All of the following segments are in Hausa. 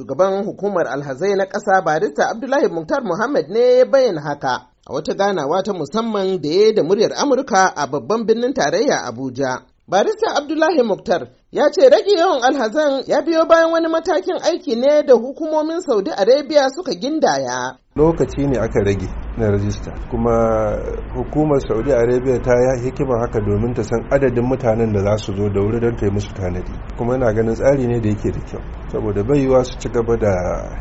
shugaban hukumar alhazai na ƙasa barista abdullahi muktar muhammad ne ya bayyana haka a wata ganawa ta musamman da ya da muryar amurka a babban birnin tarayya abuja barista abdullahi muktar ya ce rage yawan alhazan ya biyo bayan wani matakin aiki ne da hukumomin saudi arabia suka gindaya lokaci ne aka rage na rajista kuma hukumar saudi arabia ta yi hikimar haka domin ta san adadin mutanen da za su zo da wuri don ta yi musu tanadi kuma yana ganin tsari ne da yake da kyau saboda bai yiwa su ci gaba da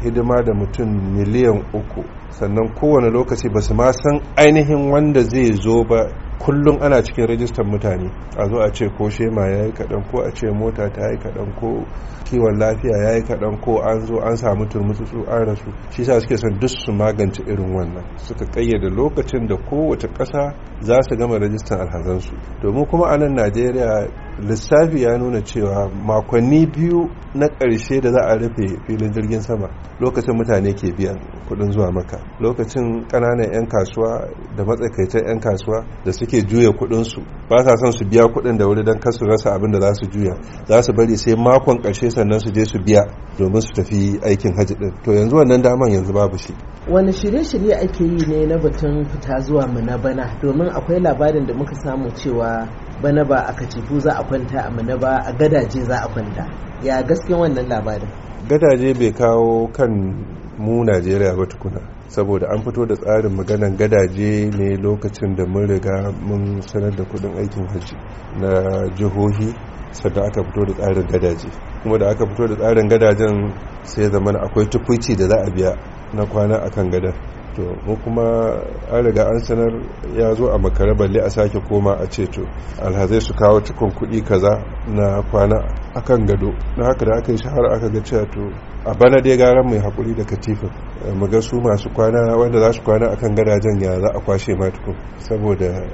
hidima da mutum miliyan uku sannan kowane lokaci ba su ma san ainihin wanda zai zo ba kullum ana cikin rajistan mutane a zo a ce ko shema ya yi kaɗan ko a ce mota ta yi kaɗan ko kiwon lafiya ya yi kaɗan ko an zo an samu turmutsutsu an rasu shi sa suke son duk su magance irin wannan suka ƙayyade lokacin da kowace ƙasa za su gama rajistar alhazansu domin kuma a nan najeriya lissafi ya nuna cewa makonni biyu na ƙarshe da za a rufe filin jirgin sama lokacin mutane ke biyan kuɗin zuwa maka lokacin ƙananan 'yan kasuwa da matsakaitar 'yan kasuwa da suke juya kuɗinsu ba sa son su biya kuɗin da wuri don kasu rasa abin da za su juya za su bari sai makon ƙarshe sannan su je su biya domin su tafi aikin hajji din to yanzu wannan daman yanzu babu shi wani shirye-shirye ake yi ne na batun fita zuwa mana bana domin akwai labarin da muka samu cewa bana ba a kacifu za a kwanta a mana ba a gadaje za a kwanta ya gaske wannan labarin gadaje bai kawo kan mu najeriya ba tukuna saboda an fito da tsarin maganan gadaje ne lokacin da mun riga mun sanar da kudin aikin hajji na jihohi sannan aka fito da tsarin gadaje kuma da aka fito da tsarin gadajen sai zaman akwai tukwici da za a biya na kwana a kan gadar to mu kuma an riga an sanar ya zo a makare balle a sake koma a ce to alhazai su kawo cikin kuɗi kaza na kwana a kan gado na haka da aka yi shahara aka ga cewa to a bana dai gara mai haƙuri da katifin eh, mu ga su masu kwana wanda za su kwana akan gadajen ya za a kwashe ma tukun saboda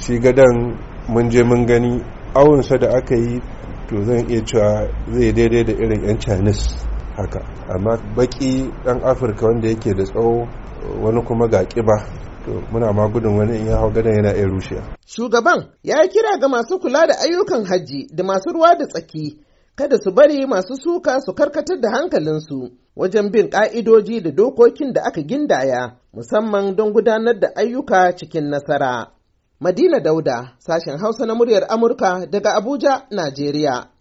shi gadan mun je mun gani awonsa da aka yi to zan iya cewa zai daidai da irin 'yan chinese haka amma baki dan afirka wanda yake da tsawo wani kuma ga kiba to muna ma gudun wani in ya hau gadon yana iya shugaban ya kira ga masu kula da ayyukan hajji da masu ruwa da tsaki kada su bari masu suka su karkatar da hankalinsu wajen bin ƙa'idoji da dokokin da aka gindaya musamman don gudanar da ayyuka cikin nasara. Madina Dauda, sashen Hausa na muryar Amurka daga Abuja, Najeriya.